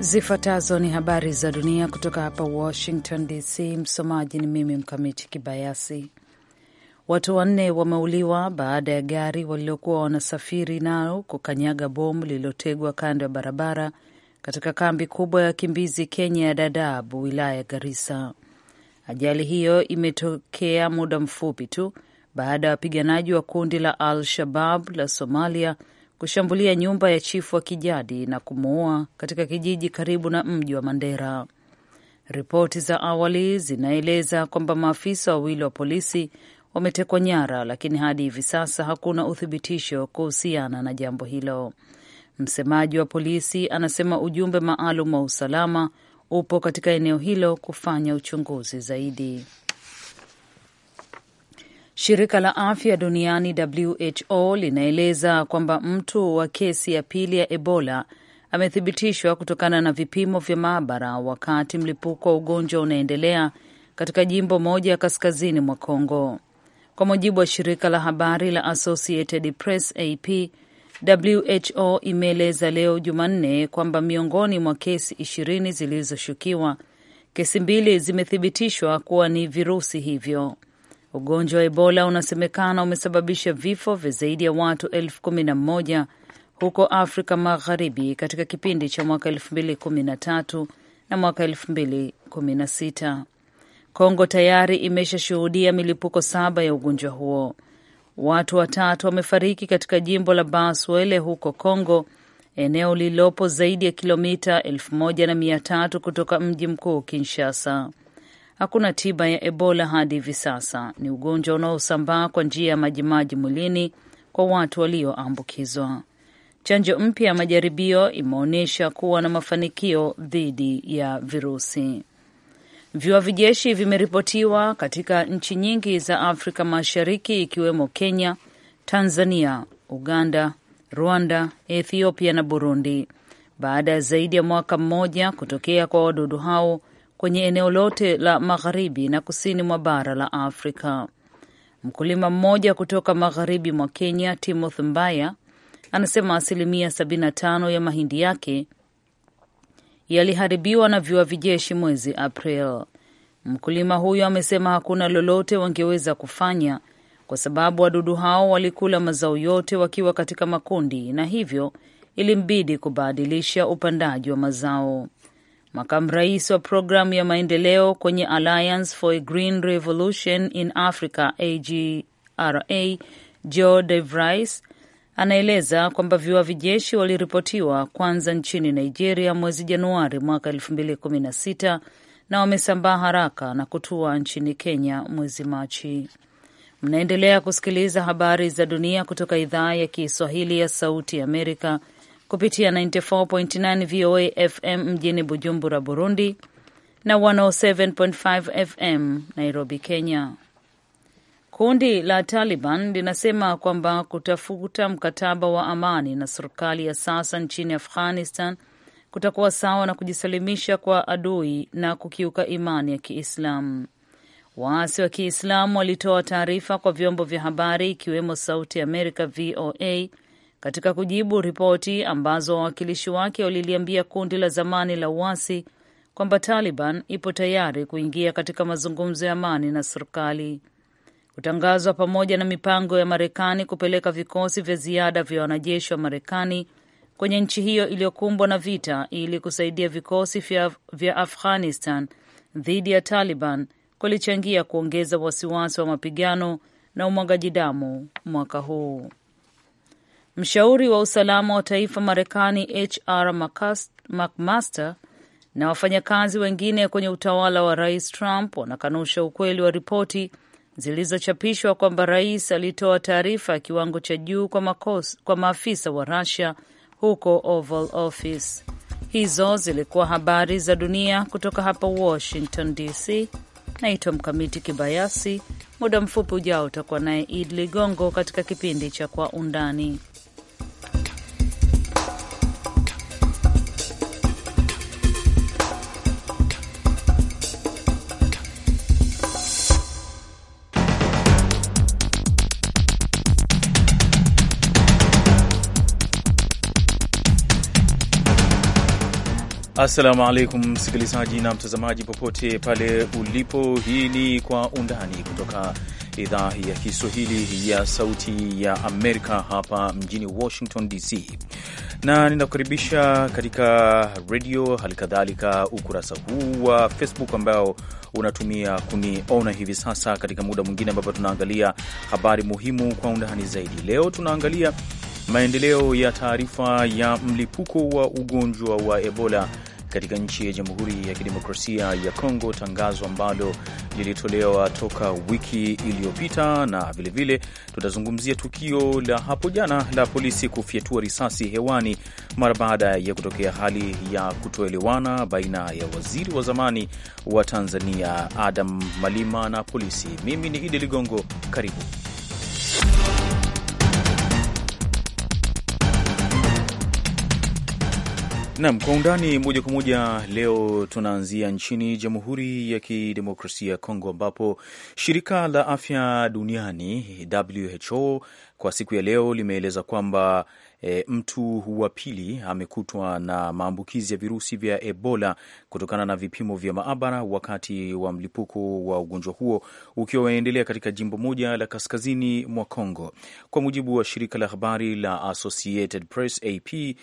Zifuatazo ni habari za dunia kutoka hapa Washington DC. Msomaji ni mimi Mkamiti Kibayasi. Watu wanne wameuliwa baada ya gari waliokuwa wanasafiri nao kukanyaga bomu lililotegwa kando ya barabara katika kambi kubwa ya wakimbizi Kenya ya Dadaab, wilaya ya Garissa. Ajali hiyo imetokea muda mfupi tu baada ya wapiganaji wa kundi la Al Shabab la Somalia kushambulia nyumba ya chifu wa kijadi na kumuua katika kijiji karibu na mji wa Mandera. Ripoti za awali zinaeleza kwamba maafisa wawili wa polisi wametekwa nyara, lakini hadi hivi sasa hakuna uthibitisho kuhusiana na jambo hilo. Msemaji wa polisi anasema ujumbe maalum wa usalama upo katika eneo hilo kufanya uchunguzi zaidi. Shirika la afya duniani WHO linaeleza kwamba mtu wa kesi ya pili ya Ebola amethibitishwa kutokana na vipimo vya maabara wakati mlipuko wa ugonjwa unaendelea katika jimbo moja kaskazini mwa congo Kwa mujibu wa shirika la habari la Associated Press AP, WHO imeeleza leo Jumanne kwamba miongoni mwa kesi ishirini zilizoshukiwa, kesi mbili zimethibitishwa kuwa ni virusi hivyo. Ugonjwa wa Ebola unasemekana umesababisha vifo vya zaidi ya watu elfu kumi na moja huko Afrika Magharibi katika kipindi cha mwaka 2013 na mwaka 2016. Kongo tayari imeshashuhudia milipuko saba ya ugonjwa huo. Watu watatu wamefariki katika jimbo la Baswele huko Kongo, eneo lililopo zaidi ya kilomita 13 kutoka mji mkuu Kinshasa. Hakuna tiba ya Ebola hadi hivi sasa. Ni ugonjwa unaosambaa kwa njia ya majimaji mwilini kwa watu walioambukizwa. Chanjo mpya ya majaribio imeonyesha kuwa na mafanikio dhidi ya virusi. Viwavi jeshi vimeripotiwa katika nchi nyingi za Afrika Mashariki, ikiwemo Kenya, Tanzania, Uganda, Rwanda, Ethiopia na Burundi, baada ya zaidi ya mwaka mmoja kutokea kwa wadudu hao kwenye eneo lote la magharibi na kusini mwa bara la Afrika. Mkulima mmoja kutoka magharibi mwa Kenya, Timothy Mbaya, anasema asilimia 75 ya mahindi yake yaliharibiwa na viwavi jeshi mwezi April. Mkulima huyo amesema hakuna lolote wangeweza kufanya kwa sababu wadudu hao walikula mazao yote wakiwa katika makundi, na hivyo ilimbidi kubadilisha upandaji wa mazao. Makamu rais wa programu ya maendeleo kwenye Alliance for a Green Revolution in Africa AGRA, Joe de Vries anaeleza kwamba viwavi jeshi waliripotiwa kwanza nchini Nigeria mwezi Januari mwaka 2016 na wamesambaa haraka na kutua nchini Kenya mwezi Machi. Mnaendelea kusikiliza habari za dunia kutoka idhaa ya Kiswahili ya Sauti Amerika kupitia 94.9 VOA FM mjini Bujumbura, Burundi na 107.5 FM Nairobi, Kenya. Kundi la Taliban linasema kwamba kutafuta mkataba wa amani na serikali ya sasa nchini Afghanistan kutakuwa sawa na kujisalimisha kwa adui na kukiuka imani ya Kiislamu. Waasi wa Kiislamu walitoa taarifa kwa vyombo vya habari ikiwemo Sauti ya Amerika VOA katika kujibu ripoti ambazo wawakilishi wake waliliambia kundi la zamani la uasi kwamba Taliban ipo tayari kuingia katika mazungumzo ya amani na serikali. Kutangazwa pamoja na mipango ya Marekani kupeleka vikosi vya ziada vya wanajeshi wa Marekani kwenye nchi hiyo iliyokumbwa na vita ili kusaidia vikosi vya Afghanistan dhidi ya Taliban kulichangia kuongeza wasiwasi wa mapigano na umwagaji damu mwaka huu mshauri wa usalama wa taifa Marekani HR McMaster na wafanyakazi wengine kwenye utawala wa rais Trump wanakanusha ukweli wa ripoti zilizochapishwa kwamba rais alitoa taarifa ya kiwango cha juu kwa, makos, kwa maafisa wa Russia huko Oval Office. Hizo zilikuwa habari za dunia kutoka hapa Washington DC. Naitwa Mkamiti Kibayasi. Muda mfupi ujao utakuwa naye Id Ligongo katika kipindi cha Kwa Undani. Assalamu alaikum msikilizaji na mtazamaji popote pale ulipo. Hii ni Kwa Undani kutoka idhaa ya Kiswahili ya Sauti ya Amerika hapa mjini Washington DC, na ninakukaribisha katika redio, kadhalika ukurasa huu wa Facebook ambao unatumia kuniona hivi sasa, katika muda mwingine ambapo tunaangalia habari muhimu kwa undani zaidi. Leo tunaangalia maendeleo ya taarifa ya mlipuko wa ugonjwa wa Ebola katika nchi ya Jamhuri ya Kidemokrasia ya Kongo, tangazo ambalo lilitolewa toka wiki iliyopita, na vilevile tutazungumzia tukio la hapo jana la polisi kufyatua risasi hewani mara baada ya kutokea hali ya kutoelewana baina ya waziri wa zamani wa Tanzania Adam Malima na polisi. Mimi ni Idi Ligongo, karibu. Nam kwa undani moja kwa moja. Leo tunaanzia nchini Jamhuri ya Kidemokrasia ya Kongo, ambapo shirika la afya duniani WHO kwa siku ya leo limeeleza kwamba e, mtu wa pili amekutwa na maambukizi ya virusi vya Ebola kutokana na vipimo vya maabara wakati wa mlipuko wa ugonjwa huo ukiwa unaendelea katika jimbo moja la kaskazini mwa congo Kwa mujibu wa shirika la habari la Associated Press AP,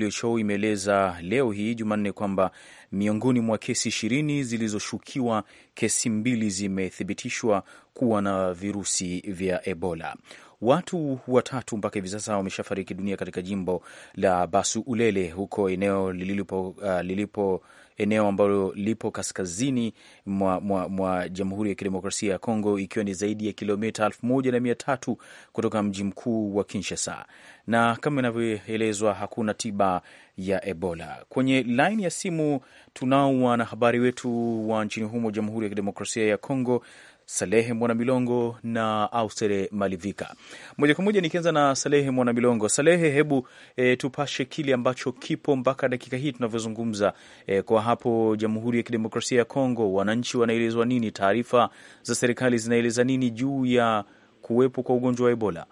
WHO imeeleza leo hii Jumanne kwamba miongoni mwa kesi ishirini zilizoshukiwa, kesi mbili zimethibitishwa kuwa na virusi vya Ebola. Watu watatu mpaka hivi sasa wameshafariki dunia katika jimbo la basu ulele huko eneo lililipo, uh, lilipo eneo ambalo lipo kaskazini mwa, mwa, mwa Jamhuri ya Kidemokrasia ya Kongo, ikiwa ni zaidi ya kilomita elfu moja na mia tatu kutoka mji mkuu wa Kinshasa, na kama inavyoelezwa hakuna tiba ya Ebola. Kwenye laini ya simu tunao wanahabari wetu wa nchini humo Jamhuri ya Kidemokrasia ya Kongo Salehe Mwanamilongo na Austere Malivika. Moja kwa moja nikianza na Salehe Mwanamilongo. Salehe, hebu e, tupashe kile ambacho kipo mpaka dakika hii tunavyozungumza, e, kwa hapo Jamhuri ya Kidemokrasia ya Kongo, wananchi wanaelezwa nini? Taarifa za serikali zinaeleza nini juu ya kuwepo kwa ugonjwa wa Ebola?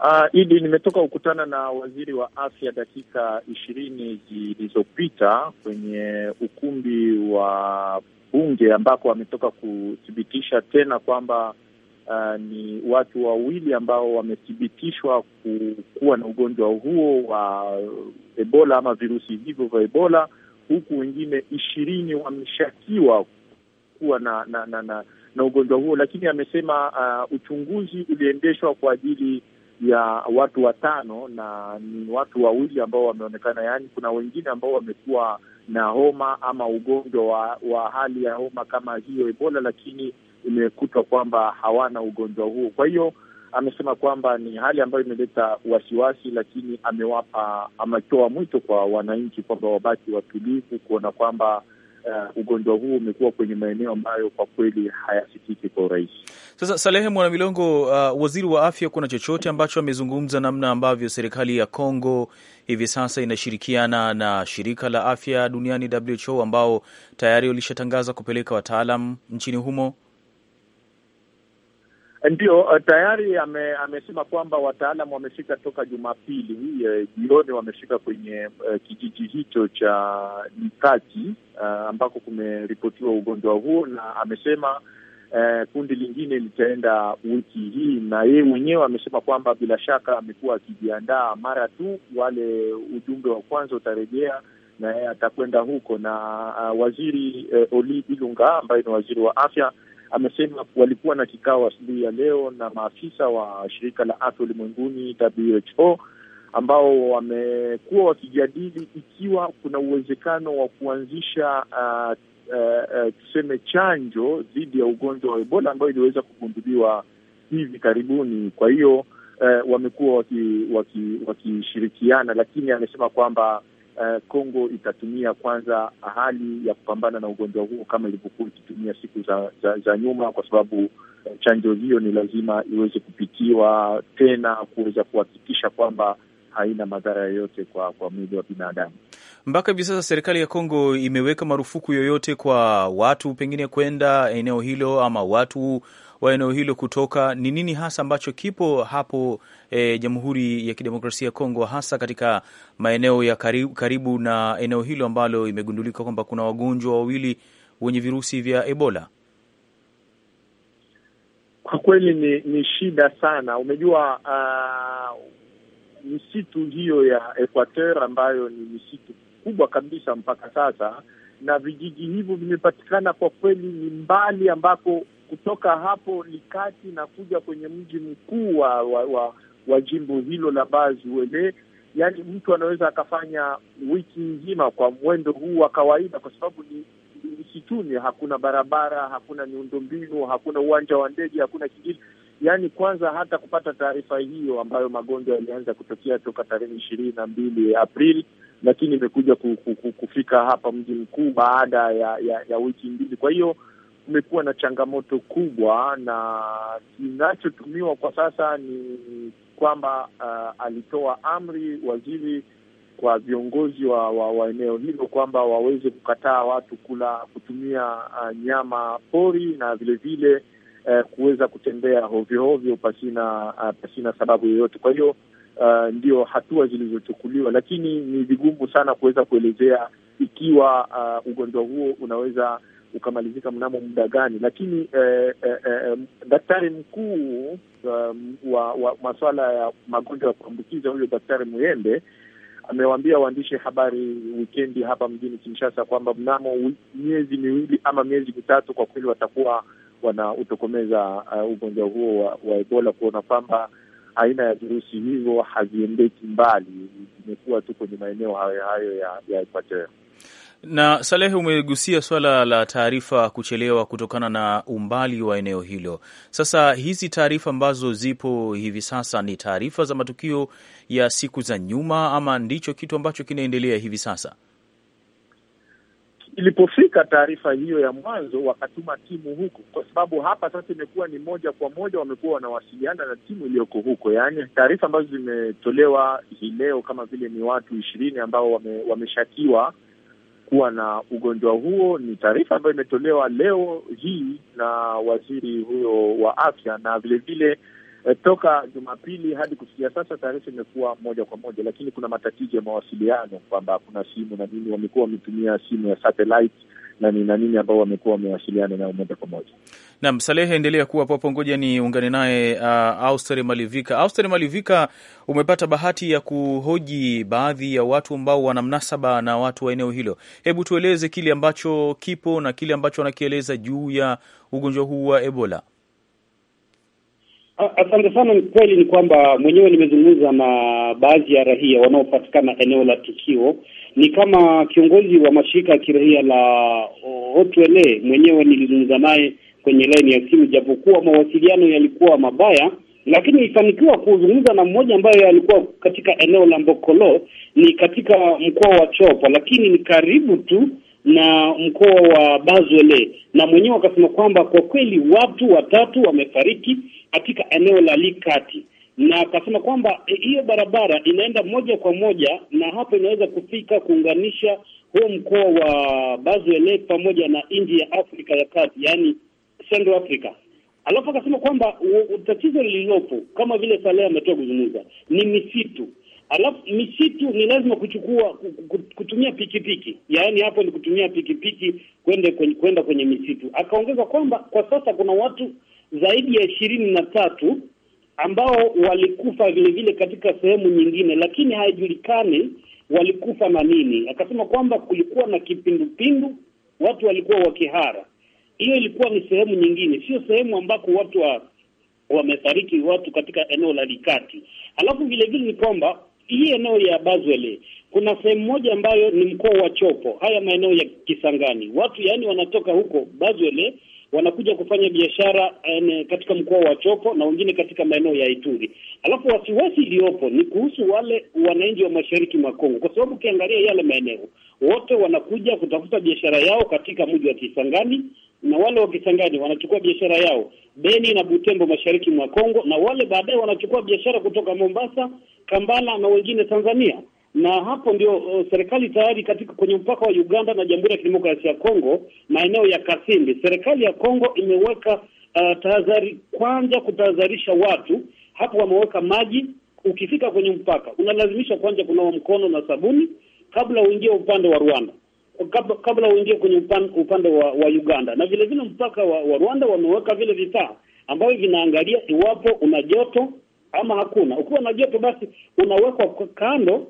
Uh, Idi, nimetoka kukutana na waziri wa afya dakika ishirini zilizopita kwenye ukumbi wa bunge ambako ametoka kuthibitisha tena kwamba uh, ni watu wawili ambao wamethibitishwa kuwa na ugonjwa huo wa Ebola ama virusi hivyo vya Ebola, huku wengine ishirini wameshakiwa kuwa na na, na, na, na ugonjwa huo, lakini amesema uh, uchunguzi uliendeshwa kwa ajili ya watu watano na ni watu wawili ambao wameonekana, yaani kuna wengine ambao wamekuwa na homa ama ugonjwa wa, wa hali ya homa kama hiyo Ebola, lakini imekutwa kwamba hawana ugonjwa huo. Kwa hiyo amesema kwamba ni hali ambayo imeleta wasiwasi, lakini amewapa ametoa mwito kwa wananchi kwamba wabaki watulivu, kuona kwamba uh, ugonjwa huu umekuwa kwenye maeneo ambayo kwa kweli hayasikiki kwa urahisi. Sasa Salehe Mwana Milongo, uh, waziri wa afya, kuna chochote ambacho amezungumza namna ambavyo serikali ya Kongo hivi sasa inashirikiana na shirika la afya duniani WHO, ambao tayari walishatangaza kupeleka wataalam nchini humo? Ndio, uh, tayari ame, amesema kwamba wataalam wamefika toka Jumapili eh, jioni, wamefika kwenye uh, kijiji hicho cha Nikati uh, ambako kumeripotiwa ugonjwa huo, na amesema eh, kundi lingine litaenda wiki hii, na yeye mwenyewe amesema kwamba bila shaka amekuwa akijiandaa mara tu wale ujumbe wa kwanza utarejea na yeye atakwenda huko na uh, waziri uh, Oli Bilunga ambaye ni waziri wa afya amesema walikuwa na kikao asubuhi ya leo na maafisa wa shirika la afya ulimwenguni WHO, ambao wamekuwa wakijadili ikiwa kuna uwezekano wa kuanzisha uh, uh, uh, tuseme chanjo dhidi ya ugonjwa wa Ebola ambayo iliweza kugunduliwa hivi karibuni. Kwa hiyo uh, wamekuwa wakishirikiana waki, waki, lakini amesema kwamba Kongo itatumia kwanza hali ya kupambana na ugonjwa huo kama ilivyokuwa ikitumia siku za, za, za nyuma, kwa sababu uh, chanjo hiyo ni lazima iweze kupitiwa tena kuweza kuhakikisha kwamba haina madhara yoyote kwa, kwa mwili wa binadamu. Mpaka hivi sasa serikali ya Kongo imeweka marufuku yoyote kwa watu pengine kwenda eneo hilo ama watu wa eneo hilo kutoka? Ni nini hasa ambacho kipo hapo e, Jamhuri ya Kidemokrasia ya Kongo, hasa katika maeneo ya karibu, karibu na eneo hilo ambalo imegundulika kwamba kuna wagonjwa wawili wenye virusi vya Ebola? Kwa kweli ni, ni shida sana. Umejua uh, misitu hiyo ya Equateur ambayo ni misitu kubwa kabisa mpaka sasa, na vijiji hivyo vimepatikana kwa kweli ni mbali, ambapo kutoka hapo kati na kuja kwenye mji mkuu wa, wa, wa, wa jimbo hilo la Bazuele. yani mtu anaweza akafanya wiki nzima kwa mwendo huu wa kawaida, kwa sababu ni msituni, hakuna barabara, hakuna miundombinu, hakuna uwanja wa ndege, hakuna kijiji. yani kwanza hata kupata taarifa hiyo ambayo magonjwa yalianza kutokea toka tarehe ishirini na mbili Aprili lakini imekuja ku, ku, ku, kufika hapa mji mkuu baada ya, ya, ya wiki mbili. Kwa hiyo kumekuwa na changamoto kubwa, na kinachotumiwa kwa sasa ni kwamba uh, alitoa amri waziri kwa viongozi wa, wa, wa eneo hilo kwamba waweze kukataa watu kula kutumia uh, nyama pori na vilevile uh, kuweza kutembea hovyohovyo pasina, uh, pasina sababu yoyote. Kwa hiyo uh, ndio hatua zilizochukuliwa, lakini ni vigumu sana kuweza kuelezea ikiwa uh, ugonjwa huo unaweza ukamalizika mnamo muda gani, lakini eh, eh, eh, daktari mkuu um, wa, wa masuala ya magonjwa ya kuambukiza huyo Daktari Muyembe amewaambia waandishi habari wikendi hapa mjini Kinshasa kwamba mnamo miezi miwili ama miezi mitatu kwa kweli watakuwa wanautokomeza uh, ugonjwa huo wa, wa Ebola kuona kwamba aina ya virusi hivyo haziendeki mbali, zimekuwa tu kwenye maeneo hayo hayo ya, ya Na Salehe, umegusia swala la taarifa kuchelewa kutokana na umbali wa eneo hilo. Sasa hizi taarifa ambazo zipo hivi sasa ni taarifa za matukio ya siku za nyuma, ama ndicho kitu ambacho kinaendelea hivi sasa? ilipofika taarifa hiyo ya mwanzo, wakatuma timu huko, kwa sababu hapa sasa imekuwa ni moja kwa moja, wamekuwa wanawasiliana na timu iliyoko huko. Yaani taarifa ambazo zimetolewa hii leo kama vile ni watu ishirini ambao wame, wameshakiwa kuwa na ugonjwa huo, ni taarifa ambayo imetolewa leo hii na waziri huyo wa afya na vilevile vile Eh, toka Jumapili hadi kufikia sasa taarifa imekuwa moja kwa moja, lakini kuna matatizo ya mawasiliano kwamba kuna simu na nini, wamekuwa wametumia simu ya satellite na nini na nini ambao wamekuwa wamewasiliana nayo moja kwa moja. Naam, Salehe, endelea kuwa popo, ngoja ni ungane naye uh, Auster Malivika. Auster Malivika, umepata bahati ya kuhoji baadhi ya watu ambao wana mnasaba na watu wa eneo hilo. Hebu tueleze kile ambacho kipo na kile ambacho wanakieleza juu ya ugonjwa huu wa Ebola. Asante sana. Ni kweli ni kwamba mwenyewe nimezungumza na baadhi ya raia wanaopatikana eneo la tukio. Ni kama kiongozi wa mashirika ya kiraia la Otwele, mwenyewe nilizungumza naye kwenye laini ya simu, japokuwa mawasiliano yalikuwa mabaya, lakini ifanikiwa kuzungumza na mmoja ambaye alikuwa katika eneo la Mbokolo, ni katika mkoa wa chopa lakini ni karibu tu na mkoa wa Bazwele, na mwenyewe akasema kwamba kwa kweli watu watatu wamefariki katika eneo la Likati, na akasema kwamba e, hiyo barabara inaenda moja kwa moja na hapo inaweza kufika kuunganisha huo mkoa wa Bazwele pamoja na nji ya Afrika ya Kati, yaani Central Africa. Alafu akasema kwamba tatizo lililopo kama vile Saleh ametoa kuzungumza ni misitu. Alafu misitu ni lazima kuchukua kutumia pikipiki, yaani hapo ni kutumia pikipiki kwenda kwenye, kwenye misitu. Akaongeza kwamba kwa sasa kuna watu zaidi ya ishirini na tatu ambao walikufa vile vile katika sehemu nyingine, lakini haijulikani walikufa na nini. Akasema kwamba kulikuwa na kipindupindu, watu walikuwa wakihara. Hiyo ilikuwa ni sehemu nyingine, sio sehemu ambako watu wa wamefariki watu katika eneo la Likati. Alafu vile vile ni kwamba hii eneo ya Bazwele kuna sehemu moja ambayo ni mkoa wa Chopo, haya maeneo ya Kisangani, watu yaani wanatoka huko Bazwele wanakuja kufanya biashara eh, katika mkoa wa Chopo na wengine katika maeneo ya Ituri. Alafu wasiwasi iliyopo ni kuhusu wale wananchi wa mashariki mwa Kongo, kwa sababu ukiangalia yale maeneo wote wanakuja kutafuta biashara yao katika mji wa Kisangani na wale wa Kisangani wanachukua biashara yao Beni na Butembo, mashariki mwa Kongo, na wale baadaye wanachukua biashara kutoka Mombasa, Kambala na wengine Tanzania na hapo ndio uh, serikali tayari katika kwenye mpaka wa Uganda na Jamhuri ya Kidemokrasia ya Kongo, maeneo ya Kasindi, serikali ya Kongo imeweka uh, tahadhari kwanza, kutahadharisha watu hapo. Wameweka maji, ukifika kwenye mpaka unalazimisha kwanza kunawa mkono na sabuni kabla uingie upande wa Rwanda, kabla uingie kwenye upande wa, wa Uganda. Na vile vile mpaka wa, wa Rwanda wameweka vile vifaa ambavyo vinaangalia iwapo una joto ama hakuna. Ukiwa na joto, basi unawekwa kando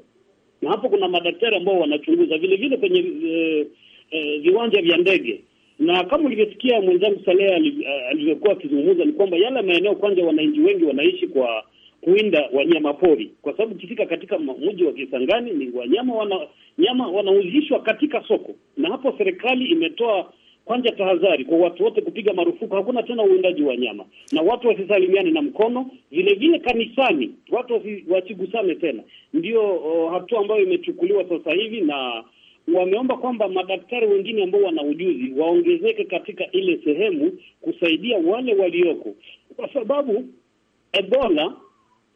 na hapo kuna madaktari ambao wanachunguza vile vile kwenye e, e, viwanja vya ndege. Na kama ulivyosikia mwenzangu Saleh eh, alivyokuwa akizungumza, ni kwamba yale maeneo kwanza, wananchi wengi wanaishi kwa kuinda wanyama pori, kwa sababu ukifika katika mji wa Kisangani ni wanyama wana nyama wanauzishwa katika soko, na hapo serikali imetoa kwanza tahadhari kwa watu wote, kupiga marufuku, hakuna tena uwindaji wa nyama, na watu wasisalimiane na mkono. Vile vile kanisani watu wasigusane tena, ndio uh, hatua ambayo imechukuliwa sasa hivi, na wameomba kwamba madaktari wengine ambao wana ujuzi waongezeke katika ile sehemu kusaidia wale walioko, kwa sababu Ebola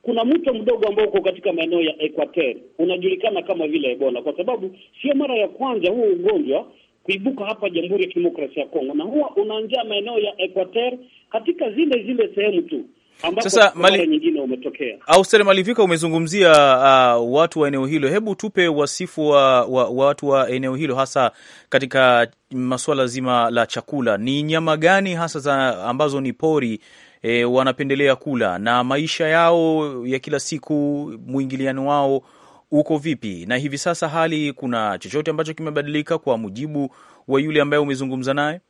kuna mto mdogo ambao uko katika maeneo ya Equateur unajulikana kama vile Ebola, kwa sababu sio mara ya kwanza huu ugonjwa kuibuka hapa Jamhuri ya Kidemokrasia ya Kongo, na huwa unaanzia maeneo ya Equateur katika zile zile sehemu tu sasa mali nyingine umetokea Auster Malivika, umezungumzia uh, watu wa eneo hilo. Hebu tupe wasifu wa, wa, wa watu wa eneo hilo, hasa katika masuala zima la chakula. Ni nyama gani hasa za ambazo ni pori e, wanapendelea kula, na maisha yao ya kila siku, mwingiliano wao uko vipi, na hivi sasa hali, kuna chochote ambacho kimebadilika kwa mujibu wa yule ambaye umezungumza naye?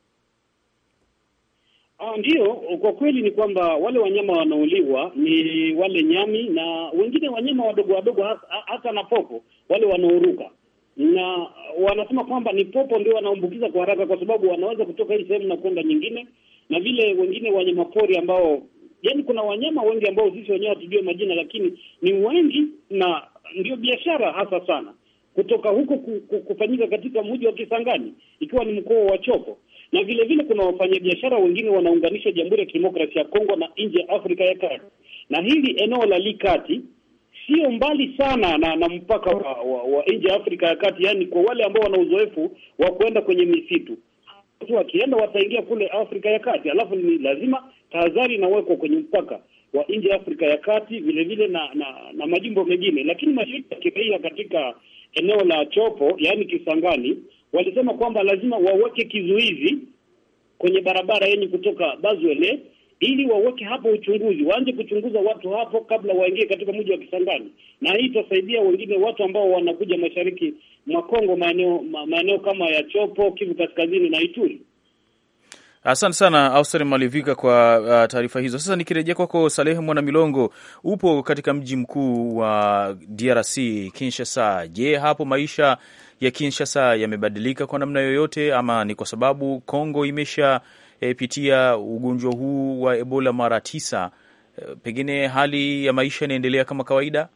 Ah, ndio kwa kweli ni kwamba wale wanyama wanaoliwa ni wale nyami na wengine wanyama wadogo wadogo, hata na popo wale wanaoruka, na wanasema kwamba ni popo ndio wanaambukiza kwa haraka, kwa sababu wanaweza kutoka hii sehemu na kwenda nyingine, na vile wengine wanyama pori ambao, yani, kuna wanyama wengi ambao sisi wenyewe hatujue majina, lakini ni wengi na ndio biashara hasa sana kutoka huko kufanyika katika mji wa Kisangani, ikiwa ni mkoa wa Chopo, na vile vile kuna wafanyabiashara wengine wanaunganisha Jamhuri ya Kidemokrasia ya Kongo na nje ya Afrika ya Kati, na hili eneo la Likati sio mbali sana na, na mpaka wa, wa, wa nje ya Afrika ya Kati, yaani kwa wale ambao wana uzoefu wa kuenda kwenye misitu tu, wakienda wataingia kule Afrika ya Kati, alafu ni lazima tahadhari inawekwa kwenye mpaka wa nje ya Afrika ya Kati vilevile na, na na majimbo mengine, lakini mashirika ya kiraia katika eneo la Chopo yaani Kisangani walisema kwamba lazima waweke kizuizi kwenye barabara yenye kutoka Bazwele ili waweke hapo uchunguzi, waanze kuchunguza watu hapo kabla waingie katika mji wa Kisangani, na hii itasaidia wengine watu ambao wanakuja mashariki mwa Kongo, maeneo maeneo kama ya Chopo, Kivu Kaskazini na Ituri. Asante sana Auster Malivika kwa uh, taarifa hizo. Sasa nikirejea kwako salehe Mwana Milongo, upo katika mji mkuu wa DRC Kinshasa. Je, hapo maisha ya Kinshasa yamebadilika kwa namna yoyote, ama ni kwa sababu Kongo imeshapitia eh, ugonjwa huu wa Ebola mara tisa, eh, pengine hali ya maisha inaendelea kama kawaida?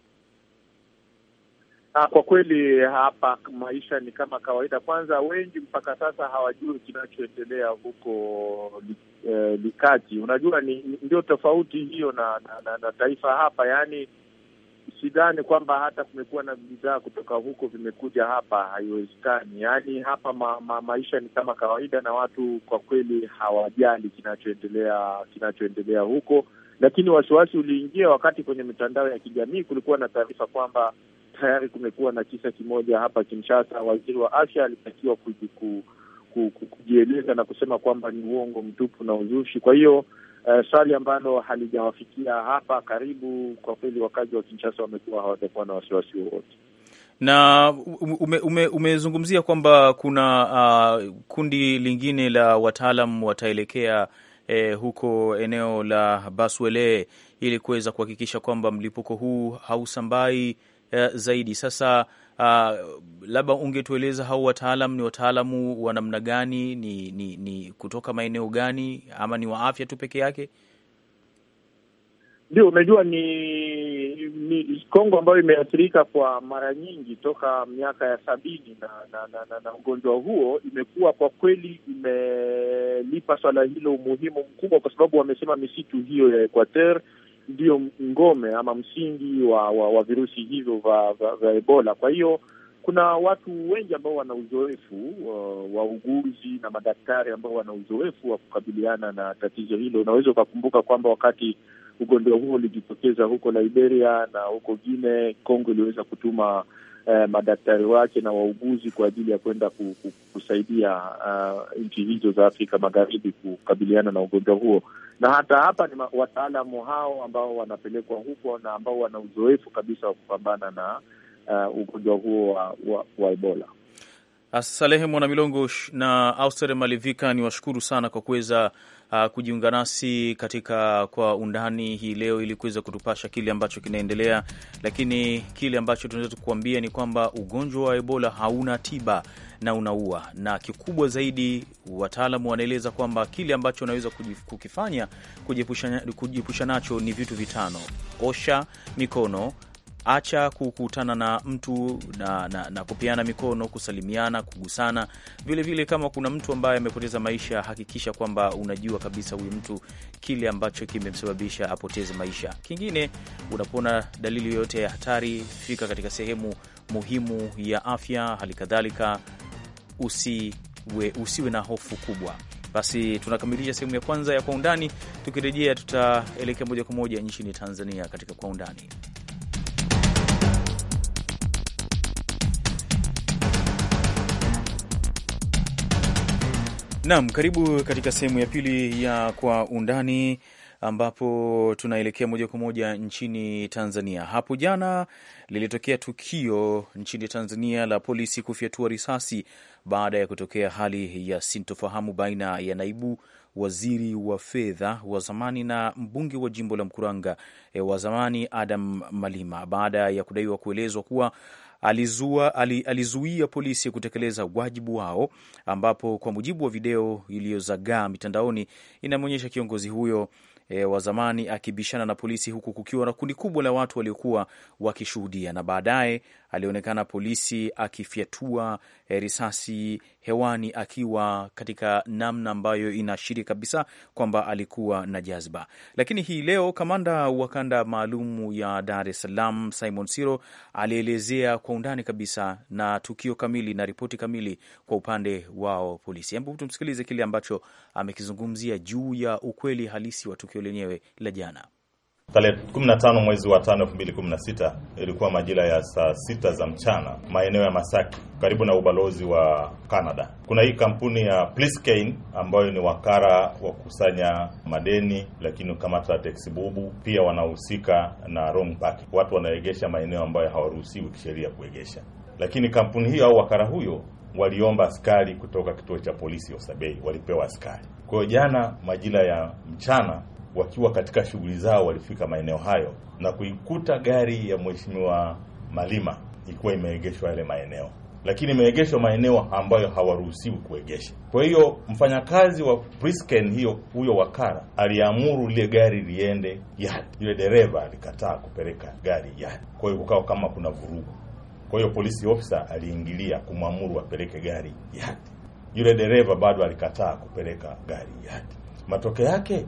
Ha, ah, kwa kweli hapa maisha ni kama kawaida. Kwanza wengi mpaka sasa hawajui kinachoendelea huko eh, Likati. Unajua ni ndio tofauti hiyo na, na, na, na taifa hapa, yaani sidhani kwamba hata kumekuwa na bidhaa kutoka huko vimekuja hapa, haiwezekani. Yaani hapa ma, ma, maisha ni kama kawaida, na watu kwa kweli hawajali kinachoendelea kinachoendelea huko, lakini wasiwasi uliingia wakati kwenye mitandao ya kijamii kulikuwa na taarifa kwamba tayari kumekuwa na kisa kimoja hapa Kinshasa. Waziri wa afya alitakiwa kujieleza na kusema kwamba ni uongo mtupu na uzushi. Kwa hiyo uh, swali ambalo halijawafikia hapa karibu, kwa kweli wakazi wa Kinshasa wamekuwa hawatakuwa na wasiwasi wowote na ume, ume, umezungumzia kwamba kuna uh, kundi lingine la wataalam wataelekea eh, huko eneo la Baswele ili kuweza kuhakikisha kwamba mlipuko huu hausambai Eh, zaidi. Sasa uh, labda ungetueleza hao wataalam ni wataalamu wa namna gani? Ni, ni, ni kutoka maeneo gani ama ni wa afya tu peke yake? Ndio, unajua ni, ni Kongo ambayo imeathirika kwa mara nyingi toka miaka ya sabini na, na, na, na, na ugonjwa huo, imekuwa kwa kweli imelipa swala hilo umuhimu mkubwa, kwa sababu wamesema misitu hiyo ya Equateur ndio ngome ama msingi wa, wa, wa virusi hivyo vya Ebola. Kwa hiyo kuna watu wengi ambao wana uzoefu wauguzi na madaktari ambao wana uzoefu wa kukabiliana na tatizo hilo. Unaweza ukakumbuka kwamba wakati ugonjwa huo ulijitokeza huko Liberia na huko Guinea Kongo iliweza kutuma eh, madaktari wake na wauguzi kwa ajili ya kwenda ku, ku, kusaidia uh, nchi hizo za Afrika Magharibi kukabiliana na ugonjwa huo, na hata hapa ni wataalamu hao ambao wanapelekwa huko na ambao wana uzoefu kabisa wa kupambana na uh, ugonjwa huo wa, wa, wa Ebola. Salehe Mwana Milongo na Auster Malivika, ni washukuru sana kwa kuweza uh, kujiunga nasi katika kwa undani hii leo ili kuweza kutupasha kile ambacho kinaendelea, lakini kile ambacho tunaweza tukuambia ni kwamba ugonjwa wa Ebola hauna tiba na unaua, na kikubwa zaidi wataalamu wanaeleza kwamba kile ambacho unaweza kukifanya kujiepusha nacho ni vitu vitano: osha mikono acha kukutana na mtu na, na, na kupeana mikono, kusalimiana, kugusana. Vilevile vile kama kuna mtu ambaye amepoteza maisha, hakikisha kwamba unajua kabisa huyu mtu kile ambacho kimemsababisha apoteze maisha. Kingine, unapoona dalili yoyote ya hatari, fika katika sehemu muhimu ya afya. Hali kadhalika usiwe, usiwe na hofu kubwa. Basi tunakamilisha sehemu ya kwanza ya Kwa Undani. Tukirejea tutaelekea moja kwa moja nchini Tanzania katika Kwa Undani. Naam, karibu katika sehemu ya pili ya Kwa Undani, ambapo tunaelekea moja kwa moja nchini Tanzania. Hapo jana lilitokea tukio nchini Tanzania la polisi kufyatua risasi baada ya kutokea hali ya sintofahamu baina ya naibu waziri wa fedha wa zamani na mbunge wa jimbo la Mkuranga e, wa zamani Adam Malima baada ya kudaiwa kuelezwa kuwa alizua, alizuia polisi kutekeleza wajibu wao, ambapo kwa mujibu wa video iliyozagaa mitandaoni inamwonyesha kiongozi huyo E, wa zamani akibishana na polisi huku kukiwa na kundi kubwa la watu waliokuwa wakishuhudia, na baadaye alionekana polisi akifyatua eh, risasi hewani akiwa katika namna ambayo inaashiria kabisa kwamba alikuwa na jazba. Lakini hii leo kamanda wa kanda maalum ya Dar es Salaam Simon Siro alielezea kwa undani kabisa na tukio kamili na ripoti kamili kwa upande wao polisi. Hebu tumsikilize kile ambacho amekizungumzia juu ya ukweli halisi wa tukio lenyewe la jana. Tarehe 15 mwezi wa 5 2016, ilikuwa majira ya saa sita za mchana maeneo ya Masaki karibu na ubalozi wa Canada. Kuna hii kampuni ya Pliskane ambayo ni wakara wa kukusanya madeni, lakini ukamata teksi bubu pia wanahusika na wrong parking. Watu wanaegesha maeneo ambayo hawaruhusiwi kisheria kuegesha, lakini kampuni hiyo au wakara huyo waliomba askari kutoka kituo cha polisi Osabei, walipewa askari. Kwa hiyo jana majira ya mchana wakiwa katika shughuli zao walifika maeneo hayo na kuikuta gari ya mheshimiwa Malima ilikuwa imeegeshwa yale maeneo, lakini imeegeshwa maeneo ambayo hawaruhusiwi kuegesha. Kwa hiyo mfanyakazi wa Prisken hiyo huyo wakara aliamuru lile gari liende yadi, yule dereva alikataa kupeleka gari yadi. Kwa hiyo kukawa kama kuna vurugu. Kwa hiyo polisi ofisa aliingilia kumwamuru apeleke gari yadi, yule dereva bado alikataa kupeleka gari yadi. Matokeo yake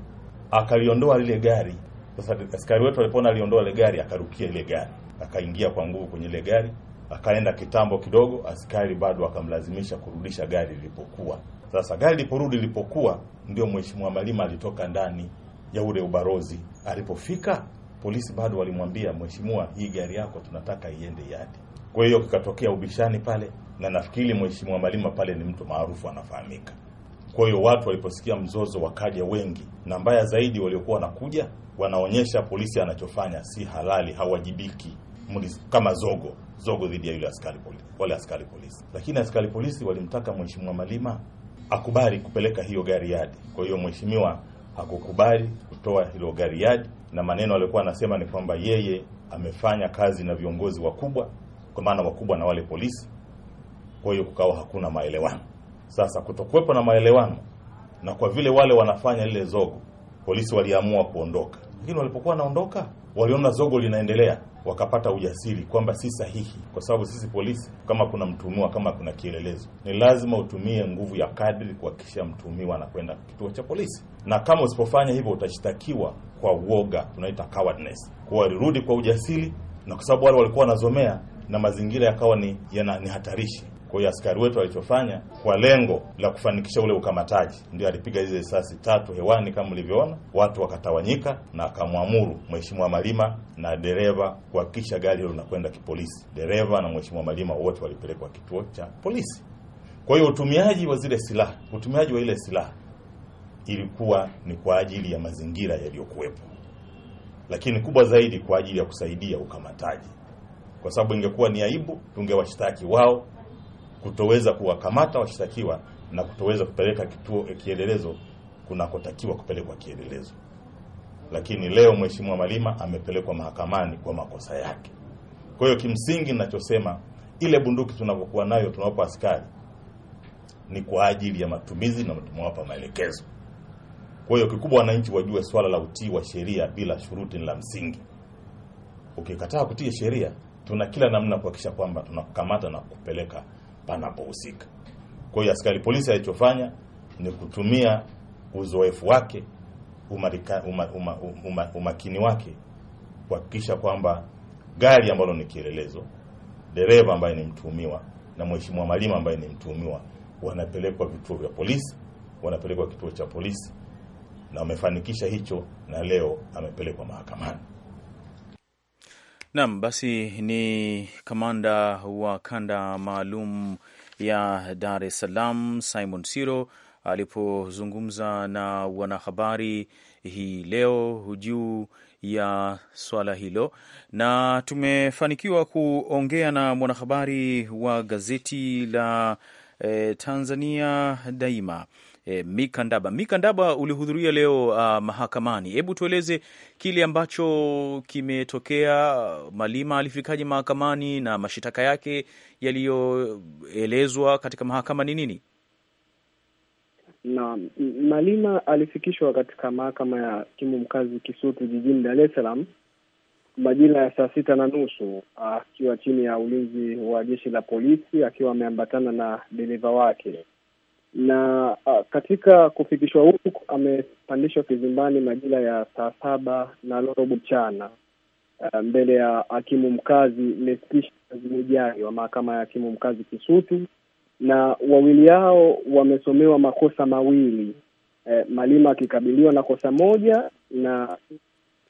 akaliondoa lile gari. Sasa askari wetu alipoona aliondoa ile gari, akarukia ile gari, akaingia kwa nguvu kwenye ile gari, akaenda kitambo kidogo, askari bado akamlazimisha kurudisha gari lilipokuwa. Sasa gari liporudi lilipokuwa, ndio mheshimiwa Malima alitoka ndani ya ule ubarozi. Alipofika polisi bado walimwambia, mheshimiwa, hii gari yako tunataka iende yadi. Kwa hiyo kikatokea ubishani pale, na nafikiri mheshimiwa Malima pale ni mtu maarufu, anafahamika. Kwa hiyo watu waliposikia mzozo wakaja wengi, na mbaya zaidi waliokuwa wanakuja wanaonyesha polisi anachofanya si halali, hawajibiki kama zogo zogo dhidi ya yule askari polisi, wale askari polisi. Lakini askari polisi walimtaka Mheshimiwa Malima akubali kupeleka hiyo gari yadi. Kwa hiyo mheshimiwa hakukubali kutoa hilo gari yadi, na maneno aliyokuwa anasema ni kwamba yeye amefanya kazi na viongozi wakubwa, kwa maana wakubwa na wale polisi. Kwa hiyo kukawa hakuna maelewano. Sasa kutokuwepo na maelewano, na kwa vile wale wanafanya lile zogo, polisi waliamua kuondoka, lakini walipokuwa wanaondoka, waliona zogo linaendelea, wakapata ujasiri kwamba si sahihi, kwa sababu sisi polisi, kama kuna mtuhumiwa, kama kuna kielelezo, ni lazima utumie nguvu ya kadri kuhakikisha mtumiwa anakwenda kituo cha polisi, na kama usipofanya hivyo utashitakiwa kwa uoga, tunaita cowardness. Kwa walirudi kwa ujasiri, na kwa sababu wale walikuwa wanazomea na mazingira yakawa ni, yana, ni hatarishi kwa hiyo askari wetu alichofanya kwa lengo la kufanikisha ule ukamataji, ndio alipiga hizo risasi tatu hewani kama mlivyoona, watu wakatawanyika, na akamwamuru Mheshimiwa Malima na dereva kuhakikisha gari hilo linakwenda kipolisi. Dereva na Mheshimiwa Malima wote walipelekwa kituo cha polisi. Kwa hiyo utumiaji wa zile silaha, utumiaji wa ile silaha ilikuwa ni kwa ajili ya mazingira yaliyokuwepo, lakini kubwa zaidi kwa ajili ya kusaidia ukamataji, kwa sababu ingekuwa ni aibu tungewashtaki wao kutoweza kuwakamata washtakiwa na kutoweza kupeleka kituo eh, kielelezo kunakotakiwa kupelekwa kielelezo. Lakini leo Mheshimiwa Malima amepelekwa mahakamani kwa makosa yake. Kwa hiyo kimsingi, ninachosema ile bunduki tunapokuwa nayo tunawapa askari ni kwa ajili ya matumizi na tumewapa maelekezo. Kwa hiyo kikubwa, wananchi wajue swala la utii wa sheria bila shuruti ni la msingi. Ukikataa kutii sheria, tuna kila namna kuhakikisha kwamba tunakukamata na kukupeleka panapohusika. Kwa hiyo askari polisi alichofanya ni kutumia uzoefu wake, umarika, uma, uma, uma, umakini wake kuhakikisha kwamba gari ambalo ni kielelezo, dereva ambaye ni mtuhumiwa na mheshimiwa Malima ambaye ni mtuhumiwa wanapelekwa vituo vya polisi, wanapelekwa kituo cha polisi na wamefanikisha hicho, na leo amepelekwa mahakamani. Naam, basi ni kamanda wa kanda maalum ya Dar es Salaam Simon Siro alipozungumza na wanahabari hii leo juu ya swala hilo, na tumefanikiwa kuongea na mwanahabari wa gazeti la eh, Tanzania Daima eh, Mika Ndaba. Mika Ndaba, ulihudhuria leo uh, mahakamani. Hebu tueleze kile ambacho kimetokea. Malima alifikaje mahakamani na mashitaka yake yaliyoelezwa katika mahakama ni nini? Na Malima alifikishwa katika mahakama ya timu mkazi Kisutu jijini Dar es Salaam majira ya saa sita na nusu akiwa chini ya ulinzi wa jeshi la polisi akiwa ameambatana na dereva wake na uh, katika kufikishwa huku amepandishwa kizimbani majira ya saa saba na robo mchana uh, mbele ya hakimu mkazi Lespisha wa mahakama ya hakimu mkazi Kisutu, na wawili hao wamesomewa makosa mawili uh, Malima akikabiliwa na kosa moja na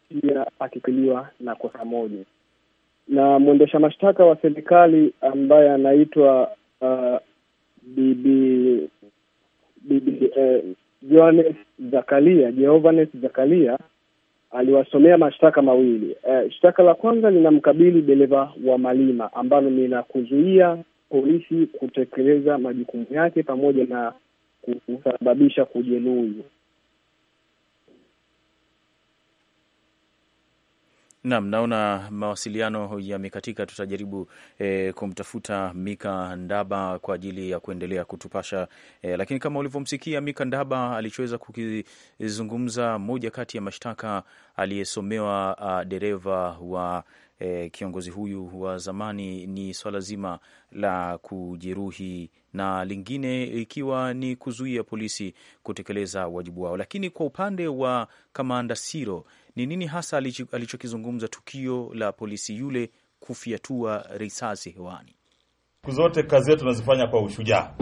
pia akikabiliwa na kosa moja, na mwendesha mashtaka wa serikali ambaye anaitwa uh, Bibi bibi eh, Johannes Zakaria, Jehovanes Zakaria aliwasomea mashtaka mawili. Eh, shtaka la kwanza linamkabili dereva wa Malima ambalo ni la kuzuia polisi kutekeleza majukumu yake pamoja na kusababisha kujeruhi. Naam, naona mawasiliano yamekatika. Tutajaribu e, kumtafuta Mika Ndaba kwa ajili ya kuendelea kutupasha e, lakini kama ulivyomsikia Mika Ndaba alichoweza kukizungumza, moja kati ya mashtaka aliyesomewa ah, dereva wa e, kiongozi huyu wa zamani ni swala zima la kujeruhi na lingine ikiwa ni kuzuia polisi kutekeleza wajibu wao, lakini kwa upande wa kamanda Siro ni nini hasa alichokizungumza tukio la polisi yule kufyatua risasi hewani? Siku zote kazi yetu tunazifanya kwa ushujaa.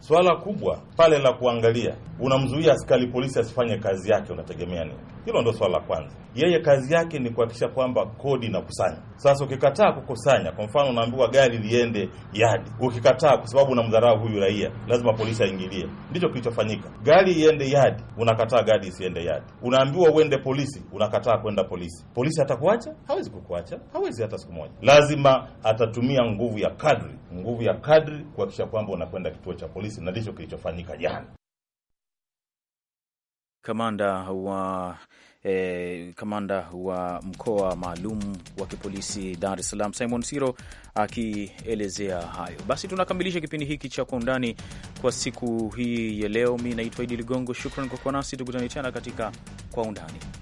Swala kubwa pale la kuangalia, unamzuia askari polisi asifanye kazi yake, unategemea nini? Hilo ndo swala la kwanza. Yeye kazi yake ni kuhakikisha kwamba kodi inakusanya. Sasa ukikataa kukusanya, kwa mfano unaambiwa gari liende yadi, ukikataa kwa sababu unamdharau huyu raia, lazima polisi aingilie. Ndicho kilichofanyika, gari iende yadi, unakataa gari isiende yadi. Unaambiwa uende polisi, unakataa kwenda polisi. Polisi atakuacha? Hawezi kukuacha, hawezi hata siku moja. Lazima atatumia nguvu ya kadri, nguvu ya kadri kuhakikisha kwamba unakwenda kituo cha polisi, na ndicho kilichofanyika jana kamanda wa E, kamanda wa mkoa maalum wa kipolisi Dar es Salaam Simon Siro akielezea hayo. Basi tunakamilisha kipindi hiki cha Kwa Undani kwa siku hii ya leo. Mi naitwa Idi Ligongo, shukran kwa kuwa nasi, tukutane tena katika Kwa Undani.